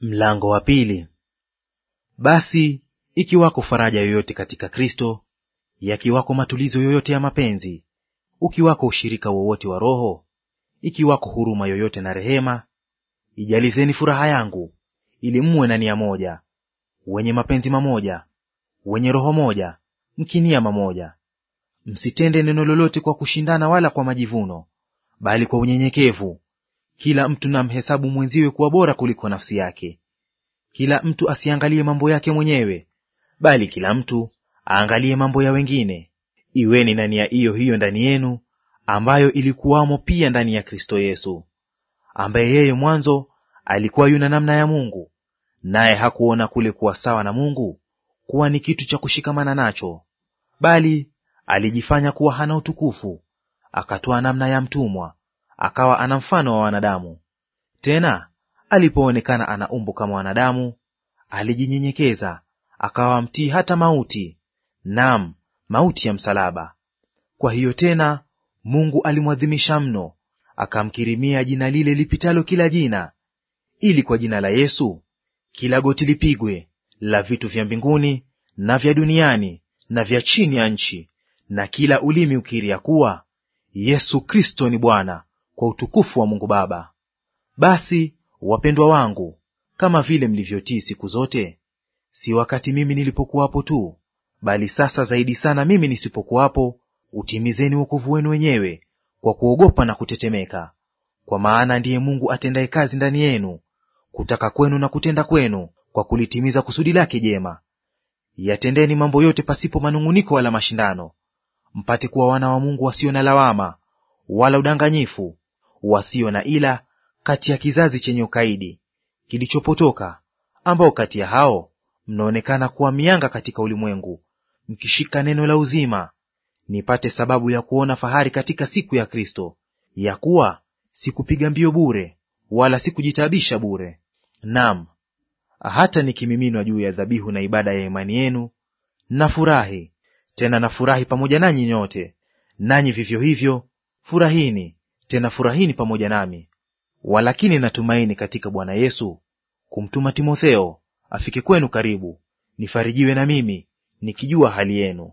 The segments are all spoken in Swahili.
Mlango wa pili. Basi ikiwako faraja yoyote katika Kristo, yakiwako matulizo yoyote ya mapenzi, ukiwako ushirika wowote wa Roho, ikiwako huruma yoyote na rehema, ijalizeni furaha yangu, ili mwe na nia moja, wenye mapenzi mamoja, wenye roho moja, mkinia mamoja. Msitende neno lolote kwa kushindana wala kwa majivuno, bali kwa unyenyekevu kila mtu na mhesabu mwenziwe kuwa bora kuliko nafsi yake. Kila mtu asiangalie mambo yake mwenyewe, bali kila mtu aangalie mambo ya wengine. Iweni na nia hiyo hiyo ndani yenu, ambayo ilikuwamo pia ndani ya Kristo Yesu, ambaye yeye mwanzo alikuwa yuna namna ya Mungu, naye hakuona kule kuwa sawa na Mungu kuwa ni kitu cha kushikamana nacho, bali alijifanya kuwa hana utukufu, akatoa namna ya mtumwa akawa ana mfano wa wanadamu. Tena alipoonekana ana umbo kama wanadamu, alijinyenyekeza akawa mtii hata mauti, naam, mauti ya msalaba. Kwa hiyo tena Mungu alimwadhimisha mno, akamkirimia jina lile lipitalo kila jina, ili kwa jina la Yesu kila goti lipigwe, la vitu vya mbinguni na vya duniani na vya chini ya nchi, na kila ulimi ukiri ya kuwa Yesu Kristo ni Bwana, kwa utukufu wa Mungu Baba. Basi wapendwa wangu, kama vile mlivyotii siku zote, si wakati mimi nilipokuwapo tu, bali sasa zaidi sana mimi nisipokuwapo, utimizeni wokovu wenu wenyewe kwa kuogopa na kutetemeka, kwa maana ndiye Mungu atendaye kazi ndani yenu, kutaka kwenu na kutenda kwenu, kwa kulitimiza kusudi lake jema. Yatendeni mambo yote pasipo manung'uniko wala mashindano, mpate kuwa wana wa Mungu wasio na lawama wala udanganyifu, wasio na ila kati ya kizazi chenye ukaidi kilichopotoka, ambao kati ya hao mnaonekana kuwa mianga katika ulimwengu, mkishika neno la uzima, nipate sababu ya kuona fahari katika siku ya Kristo, ya kuwa sikupiga mbio bure, wala sikujitabisha bure. Naam, hata nikimiminwa juu ya dhabihu na ibada ya imani yenu, nafurahi; tena nafurahi pamoja nanyi nyote. Nanyi vivyo hivyo furahini. Tena furahini pamoja nami. Walakini natumaini katika Bwana Yesu kumtuma Timotheo afike kwenu karibu, nifarijiwe na mimi nikijua hali yenu.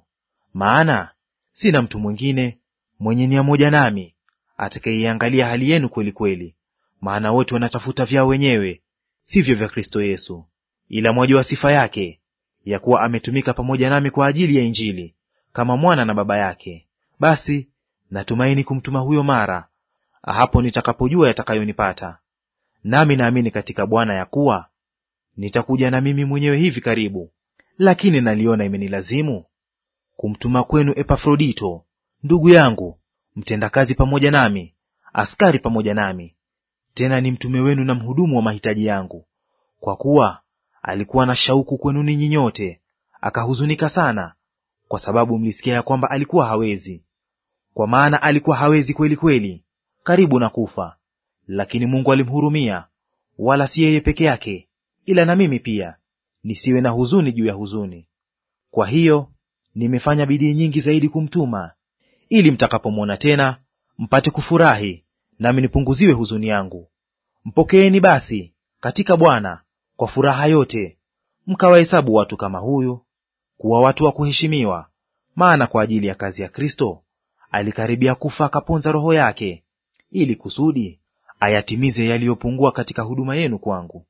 Maana sina mtu mwingine mwenye nia moja nami atakayeiangalia hali yenu kweli kweli, maana wote wanatafuta vyao wenyewe, sivyo vya Kristo Yesu. Ila mwajua sifa yake ya kuwa ametumika pamoja nami kwa ajili ya Injili kama mwana na baba yake. Basi natumaini kumtuma huyo mara hapo nitakapojua yatakayonipata. Nami naamini katika Bwana ya kuwa nitakuja na mimi mwenyewe hivi karibu. Lakini naliona imenilazimu kumtuma kwenu Epafrodito ndugu yangu, mtendakazi pamoja nami, askari pamoja nami, tena ni mtume wenu na mhudumu wa mahitaji yangu, kwa kuwa alikuwa na shauku kwenu ninyi nyote, akahuzunika sana, kwa sababu mlisikia ya kwamba alikuwa hawezi. Kwa maana alikuwa hawezi kweli kweli, karibu na kufa, lakini Mungu alimhurumia, wala si yeye peke yake, ila na mimi pia, nisiwe na huzuni juu ya huzuni. Kwa hiyo nimefanya bidii nyingi zaidi kumtuma, ili mtakapomwona tena mpate kufurahi, nami nipunguziwe huzuni yangu. Mpokeeni basi katika Bwana kwa furaha yote, mkawahesabu watu kama huyu kuwa watu wa kuheshimiwa, maana kwa ajili ya kazi ya Kristo alikaribia kufa, akaponza roho yake, ili kusudi ayatimize yaliyopungua katika huduma yenu kwangu.